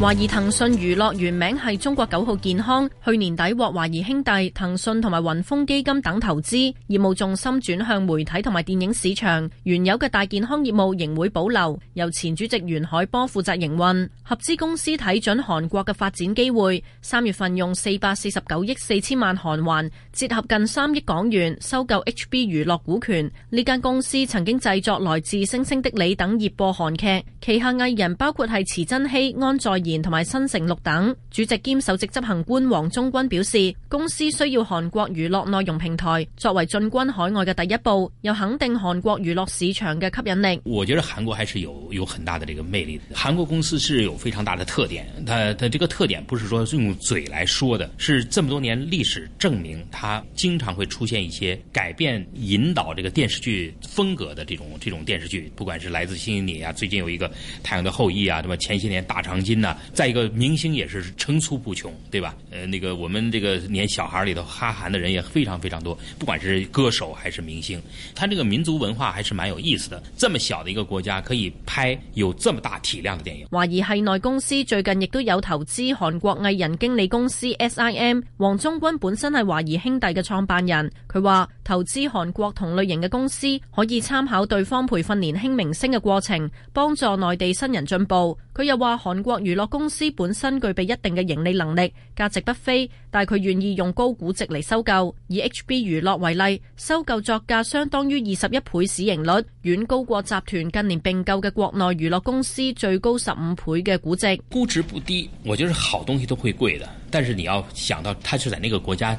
華誼騰訊娛樂原名係中國九號健康，去年底獲華誼兄弟、騰訊同埋雲峰基金等投資，業務重心轉向媒體同埋電影市場，原有嘅大健康業務仍會保留，由前主席袁海波負責營運。合資公司睇準韓國嘅發展機會，三月份用四百四十九億四千萬韓圜，折合近三億港元，收購 HB 娛樂股權。呢間公司曾經製作《來自星星的你》等熱播韓劇，旗下藝人包括係池珍熙、安在。同埋新城六等主席兼首席執行官王中軍表示，公司需要韓國娛樂內容平台作為進軍海外嘅第一步，又肯定韓國娛樂市場嘅吸引力。我覺得韓國還是有有很大的這個魅力的，韓國公司是有非常大的特點，它它這個特點不是說是用嘴來說的，是這麼多年歷史證明，它經常會出現一些改變引導這個電視劇風格的這種這種電視劇，不管是來自星星你啊，最近有一個太陽的後裔啊，什麼前些年大長今啊。再一個，明星也是層出不窮，對吧？呃，那個我們這個連小孩裏頭哈韓的人也非常非常多，不管是歌手還是明星，他這個民族文化還是蠻有意思的。這麼小的一個國家，可以拍有這麼大體量的電影。華誼系內公司最近亦都有投資韓國藝人經理公司 S.I.M。王中軍本身係華誼兄弟嘅創辦人，佢話投資韓國同類型嘅公司，可以參考對方培訓年輕明星嘅過程，幫助內地新人進步。佢又話韓國娛樂，公司本身具備一定嘅盈利能力，價值不菲，但佢願意用高估值嚟收購。以 HB 娛樂為例，收購作價相當於二十一倍市盈率，遠高過集團近年併購嘅國內娛樂公司最高十五倍嘅估值。估值不低，我覺得好東西都會貴的，但是你要想到，佢是在那個國家。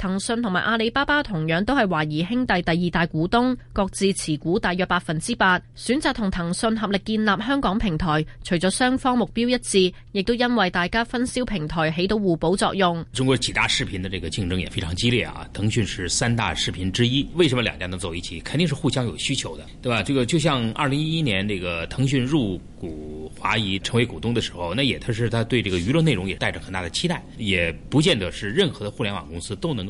騰訊同埋阿里巴巴同樣都係華誼兄弟第二大股東，各自持股大約百分之八。選擇同騰訊合力建立香港平台，除咗雙方目標一致，亦都因為大家分銷平台起到互補作用。中國幾大視頻的這個競爭也非常激烈啊！騰訊是三大視頻之一，為什麼兩家能走一起？肯定是互相有需求的，對吧？這個就像二零一一年這個騰訊入股華誼成為股東的時候，那也它是它對這個娛樂內容也帶着很大的期待，也不見得是任何的互聯網公司都能。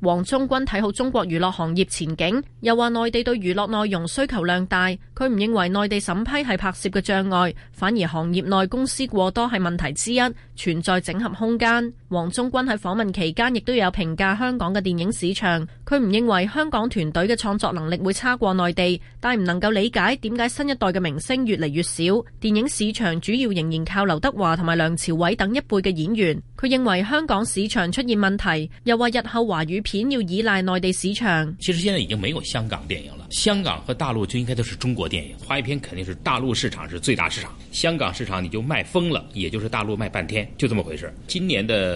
王中軍睇好中國娛樂行業前景，又話內地對娛樂內容需求量大，佢唔認為內地審批係拍攝嘅障礙，反而行業內公司過多係問題之一，存在整合空間。王中軍喺訪問期間亦都有評價香港嘅電影市場，佢唔認為香港團隊嘅創作能力會差過內地，但唔能夠理解點解新一代嘅明星越嚟越少，電影市場主要仍然靠劉德華同埋梁朝偉等一輩嘅演員。佢認為香港市場出現問題，又話日後華語片要依賴內地市場。其實現在已經沒有香港電影了，香港和大陸就應該都是中國電影，華語片肯定是大陸市場是最大市場，香港市場你就賣瘋了，也就是大陸賣半天，就這麼回事。今年的。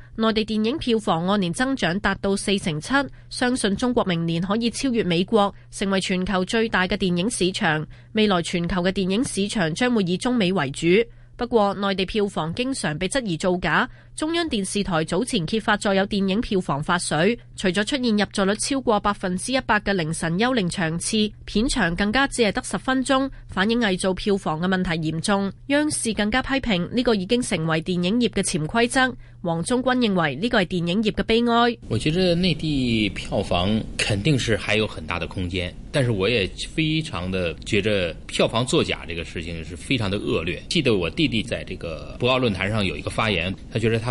內地電影票房按年增長達到四成七，相信中國明年可以超越美國，成為全球最大嘅電影市場。未來全球嘅電影市場將會以中美為主，不過內地票房經常被質疑造假。中央電視台早前揭發再有電影票房發水，除咗出現入座率超過百分之一百嘅凌晨幽靈場次，片長更加只係得十分鐘，反映偽造票房嘅問題嚴重。央視更加批評呢個已經成為電影業嘅潛規則。王中軍認為呢個係電影業嘅悲哀。我覺得內地票房肯定是還有很大的空間，但是我也非常的覺得票房作假這個事情是非常的惡劣。記得我弟弟在這個博鰲論壇上有一個發言，他覺得他。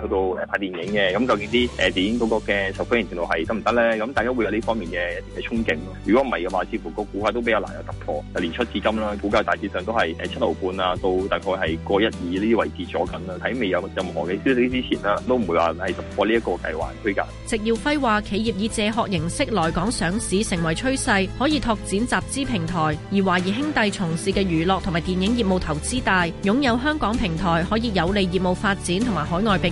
去到拍電影嘅，咁究竟啲誒電影嗰個嘅受歡迎程度係得唔得咧？咁大家會有呢方面嘅嘅憧憬。如果唔係嘅話，似乎個股價都比較難有突破。年初至今啦，股價大致上都係誒七毫半啊，到大概係過一二呢啲位置坐緊啦，喺未有任何嘅消息之前啦，都唔會話係突破呢一個計劃推價。席耀輝話：企業以借殼形式來港上市成為趨勢，可以拓展集資平台，而華誼兄弟從事嘅娛樂同埋電影業務投資大，擁有香港平台可以有利業務發展同埋海外並。